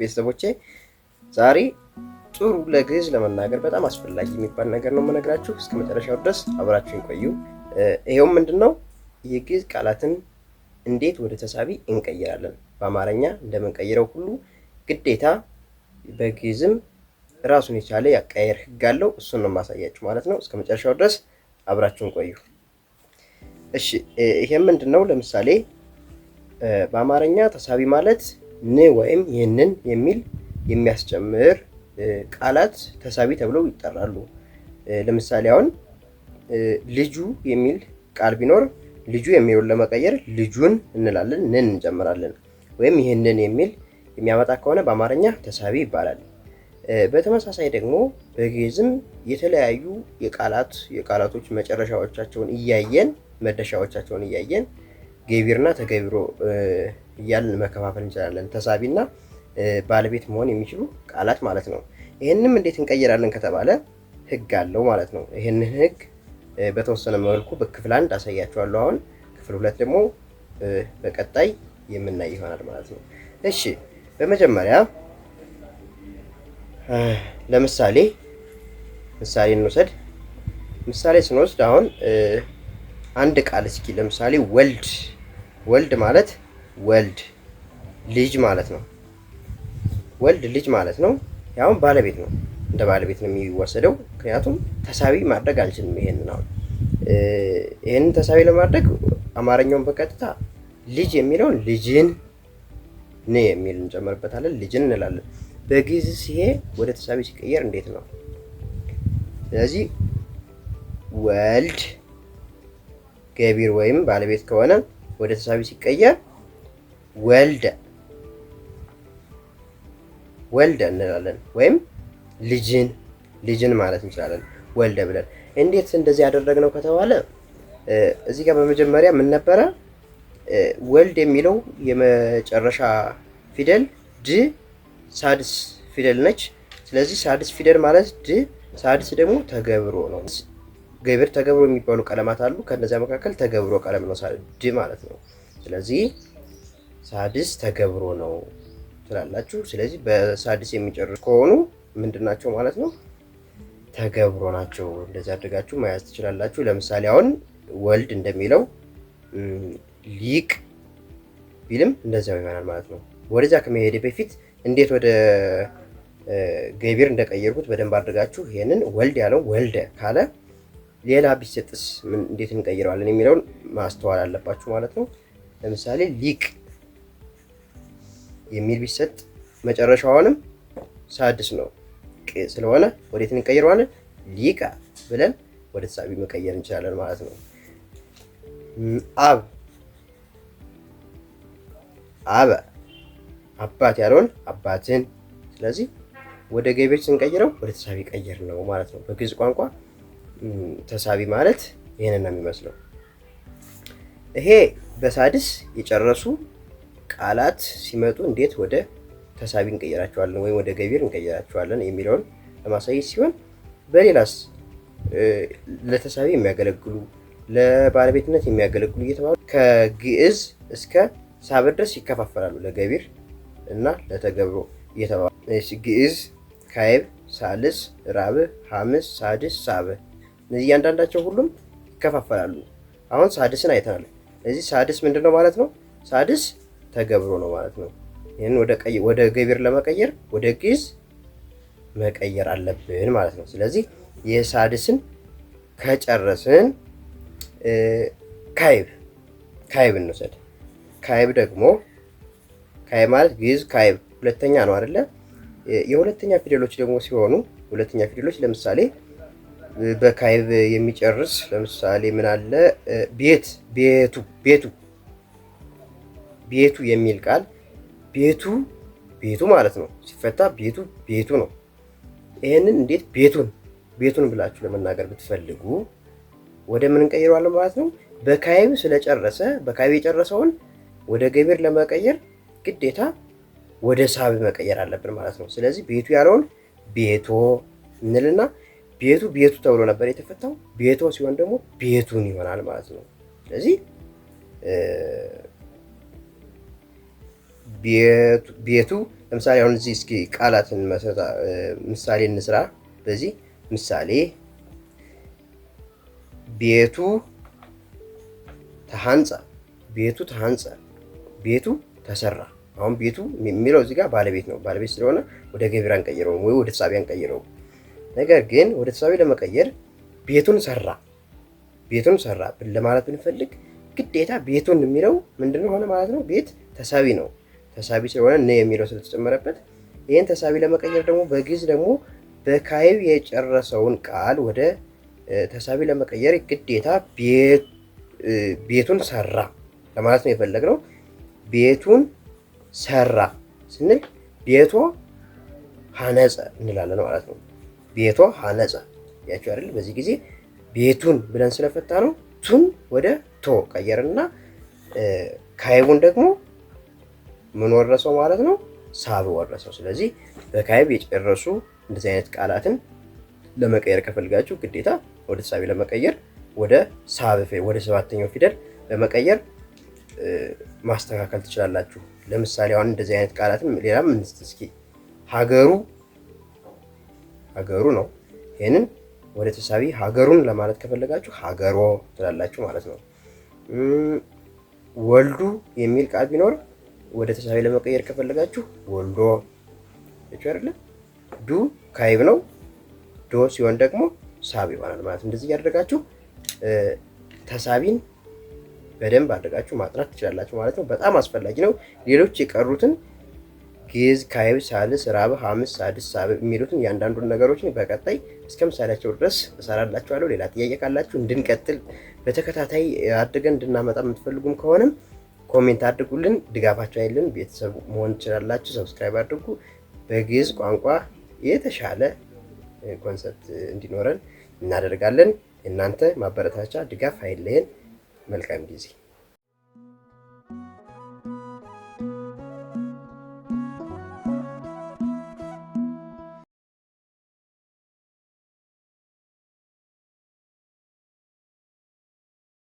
ቤተሰቦቼ ዛሬ ጥሩ ለግዕዝ ለመናገር በጣም አስፈላጊ የሚባል ነገር ነው የምነግራችሁ። እስከ መጨረሻው ድረስ አብራችሁን ቆዩ። ይሄውም ምንድን ነው የግዕዝ ቃላትን እንዴት ወደ ተሳቢ እንቀይራለን። በአማርኛ እንደምንቀይረው ሁሉ ግዴታ በግዕዝም ራሱን የቻለ ያቀያየር ህግ አለው። እሱን ነው የማሳያችሁ ማለት ነው። እስከ መጨረሻው ድረስ አብራችሁን ቆዩ። እሺ ይሄም ምንድን ነው? ለምሳሌ በአማርኛ ተሳቢ ማለት ን ወይም ይህንን የሚል የሚያስጨምር ቃላት ተሳቢ ተብለው ይጠራሉ። ለምሳሌ አሁን ልጁ የሚል ቃል ቢኖር ልጁ የሚለውን ለመቀየር ልጁን እንላለን፣ ንን እንጨምራለን። ወይም ይህንን የሚል የሚያመጣ ከሆነ በአማርኛ ተሳቢ ይባላል። በተመሳሳይ ደግሞ በግዕዝም የተለያዩ የቃላት የቃላቶች መጨረሻዎቻቸውን እያየን መደሻዎቻቸውን እያየን ገቢርና ተገቢሮ እያልን መከፋፈል እንችላለን። ተሳቢና ባለቤት መሆን የሚችሉ ቃላት ማለት ነው። ይህንም እንዴት እንቀይራለን ከተባለ ህግ አለው ማለት ነው። ይህንን ህግ በተወሰነ መልኩ በክፍል አንድ አሳያችኋለሁ። አሁን ክፍል ሁለት ደግሞ በቀጣይ የምናይ ይሆናል ማለት ነው። እሺ በመጀመሪያ ለምሳሌ ምሳሌ እንውሰድ። ምሳሌ ስንወስድ አሁን አንድ ቃል እስኪ ለምሳሌ ወልድ ወልድ ማለት ወልድ ልጅ ማለት ነው። ወልድ ልጅ ማለት ነው። ያውም ባለቤት ነው፣ እንደ ባለቤት ነው የሚወሰደው። ምክንያቱም ተሳቢ ማድረግ አልችልም። ይሄንን ነው ይሄንን ተሳቢ ለማድረግ አማርኛውን በቀጥታ ልጅ የሚለውን ልጅን ን የሚል እንጨምርበታለን፣ ልጅን እንላለን። በግዕዝ ሲሄ ወደ ተሳቢ ሲቀየር እንዴት ነው? ስለዚህ ወልድ ገቢር ወይም ባለቤት ከሆነ ወደ ተሳቢ ሲቀየር ወልደ ወልደ እንላለን። ወይም ልጅን ልጅን ማለት እንችላለን ወልደ ብለን። እንዴት እንደዚህ ያደረግነው ከተባለ እዚህ ጋር በመጀመሪያ ምን ነበረ? ወልድ የሚለው የመጨረሻ ፊደል ድ ሳድስ ፊደል ነች። ስለዚህ ሳድስ ፊደል ማለት ድ፣ ሳድስ ደግሞ ተገብሮ ነው። ግብር ተገብሮ የሚባሉ ቀለማት አሉ። ከነዚያ መካከል ተገብሮ ቀለም ነው ድ ማለት ነው። ስለዚህ ሳድስ ተገብሮ ነው ትላላችሁ። ስለዚህ በሳድስ የሚጨርሱ ከሆኑ ምንድን ናቸው ማለት ነው? ተገብሮ ናቸው። እንደዚህ አድርጋችሁ መያዝ ትችላላችሁ። ለምሳሌ አሁን ወልድ እንደሚለው ሊቅ ቢልም እንደዚያው ይሆናል ማለት ነው። ወደዚያ ከመሄድ በፊት እንዴት ወደ ገቢር እንደቀየርኩት በደንብ አድርጋችሁ ይሄንን ወልድ ያለው ወልደ ካለ ሌላ ቢሰጥስ እንዴት እንቀይረዋለን የሚለውን ማስተዋል አለባችሁ ማለት ነው። ለምሳሌ ሊቅ የሚል ቢሰጥ አሁንም ሳድስ ነው ስለሆነ ወዴት እንቀይረዋለን? ሊቃ ብለን ወደ ተሳቢ መቀየር እንችላለን ማለት ነው። አብ አበ አባት ያለውን አባትን ስለዚህ ወደ ገቤች ስንቀይረው ወደ ተሳቢ ቀየር ነው ማለት ነው። በግዕዝ ቋንቋ ተሳቢ ማለት ይህንን ነው የሚመስለው። ይሄ በሳድስ የጨረሱ ቃላት ሲመጡ እንዴት ወደ ተሳቢ እንቀይራቸዋለን ወይም ወደ ገቢር እንቀይራቸዋለን የሚለውን ለማሳየት ሲሆን በሌላስ ለተሳቢ የሚያገለግሉ ለባለቤትነት የሚያገለግሉ እየተባሉ ከግዕዝ እስከ ሳብዕ ድረስ ይከፋፈላሉ። ለገቢር እና ለተገብሮ እየተባሉ ግዕዝ፣ ካይብ፣ ሳልስ፣ ራብ ሐምስ፣ ሳድስ፣ ሳብዕ እነዚህ እያንዳንዳቸው ሁሉም ይከፋፈላሉ። አሁን ሳድስን አይተናል። እዚህ ሳድስ ምንድን ነው ማለት ነው? ሳድስ ተገብሮ ነው ማለት ነው። ይህን ወደ ገቢር ለመቀየር ወደ ግዕዝ መቀየር አለብን ማለት ነው። ስለዚህ የሳድስን ከጨረስን ካይብ ካይብ እንውሰድ። ካይብ ደግሞ ካይብ ማለት ግዕዝ ካይብ ሁለተኛ ነው አይደለ? የሁለተኛ ፊደሎች ደግሞ ሲሆኑ ሁለተኛ ፊደሎች ለምሳሌ በካይብ የሚጨርስ ለምሳሌ ምን አለ? ቤት ቤቱ ቤቱ ቤቱ የሚል ቃል ቤቱ ቤቱ ማለት ነው። ሲፈታ ቤቱ ቤቱ ነው። ይህንን እንዴት ቤቱን ቤቱን ብላችሁ ለመናገር ብትፈልጉ ወደ ምን እንቀይረዋለን ማለት ነው። በካይብ ስለጨረሰ በካይብ የጨረሰውን ወደ ገቢር ለመቀየር ግዴታ ወደ ሳብ መቀየር አለብን ማለት ነው። ስለዚህ ቤቱ ያለውን ቤቶ እንልና ቤቱ ቤቱ ተብሎ ነበር የተፈታው። ቤቶ ሲሆን ደግሞ ቤቱን ይሆናል ማለት ነው። ስለዚህ ቤቱ ለምሳሌ አሁን እዚህ እስኪ ቃላትን ምሳሌ እንስራ። በዚህ ምሳሌ ቤቱ ተሐንጻ፣ ቤቱ ተሐንጻ፣ ቤቱ ተሰራ። አሁን ቤቱ የሚለው እዚህ ጋር ባለቤት ነው። ባለቤት ስለሆነ ወደ ገቢር አንቀይረውም ወይ ወደ ተሳቢ አንቀይረውም። ነገር ግን ወደ ተሳቢ ለመቀየር ቤቱን ሰራ፣ ቤቱን ሰራ ለማለት ብንፈልግ ግዴታ ቤቱን የሚለው ምንድነው ሆነ ማለት ነው። ቤት ተሳቢ ነው። ተሳቢ ስለሆነ ነ የሚለው ስለተጨመረበት ይህን ተሳቢ ለመቀየር ደግሞ በግዕዝ ደግሞ በካይብ የጨረሰውን ቃል ወደ ተሳቢ ለመቀየር ግዴታ ቤቱን ሰራ ለማለት ነው የፈለግነው። ቤቱን ሰራ ስንል ቤቶ ሀነፀ እንላለን ማለት ነው። ቤቶ ሀነፀ ያቸው አይደል? በዚህ ጊዜ ቤቱን ብለን ስለፈታ ነው ቱን ወደ ቶ ቀየርና ካይቡን ደግሞ ምን ወረሰው ማለት ነው? ሳብ ወረሰው። ስለዚህ በካይብ የጨረሱ እንደዚህ አይነት ቃላትን ለመቀየር ከፈልጋችሁ ግዴታ ወደ ተሳቢ ለመቀየር ወደ ሳብ ወደ ሰባተኛው ፊደል ለመቀየር ማስተካከል ትችላላችሁ። ለምሳሌ አሁን እንደዚህ አይነት ቃላትም ሌላም እስኪ ሀገሩ ሀገሩ ነው። ይህንን ወደ ተሳቢ ሀገሩን ለማለት ከፈለጋችሁ ሀገሮ ትላላችሁ ማለት ነው። ወልዱ የሚል ቃል ቢኖር ወደ ተሳቢ ለመቀየር ከፈለጋችሁ ወንዶ እችሁ አይደለ ዱ ካይብ ነው። ዶ ሲሆን ደግሞ ሳብ ይሆናል ማለት እንደዚህ እያደረጋችሁ ተሳቢን በደንብ አድርጋችሁ ማጥናት ትችላላችሁ ማለት ነው። በጣም አስፈላጊ ነው። ሌሎች የቀሩትን ግዕዝ፣ ካይብ፣ ሳልስ፣ ራብ፣ ሐምስ፣ ሳድስ፣ ሳብ የሚሉትን እያንዳንዱን ነገሮችን በቀጣይ እስከ ምሳሌያቸው ድረስ እሰራላችኋለሁ። ሌላ ጥያቄ ካላችሁ እንድንቀጥል በተከታታይ አድርገን እንድናመጣ የምትፈልጉም ከሆነም ኮሜንት አድርጉልን። ድጋፋቸው አይልን ቤተሰብ መሆን ትችላላችሁ። ሰብስክራይብ አድርጉ። በግዕዝ ቋንቋ የተሻለ ኮንሰፕት እንዲኖረን እናደርጋለን። እናንተ ማበረታቻ ድጋፍ አይለየን። መልካም ጊዜ